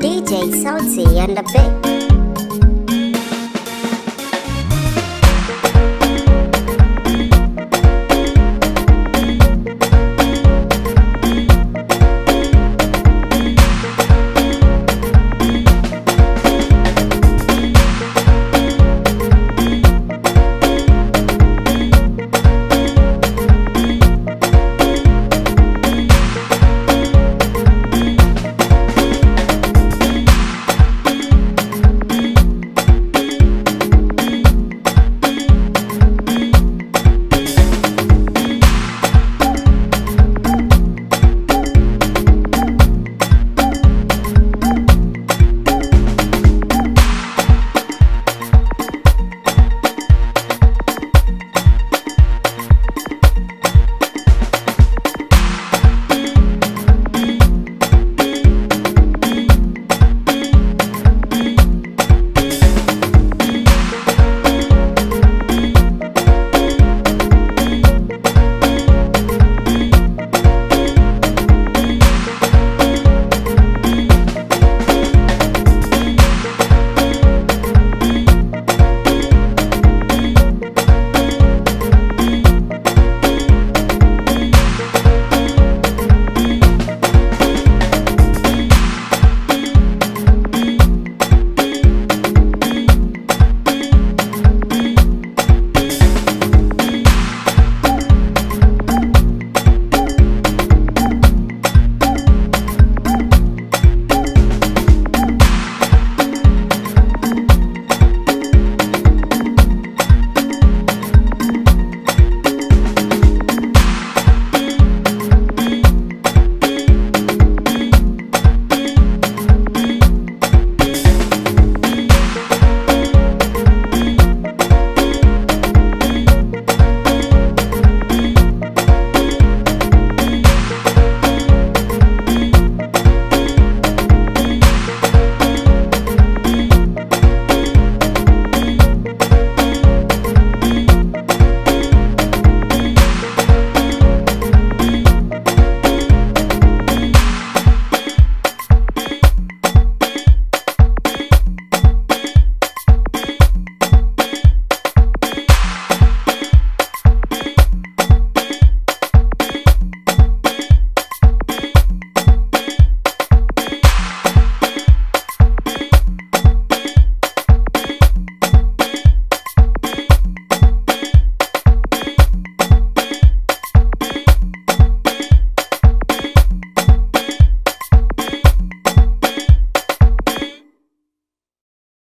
DJ Salty and the Big.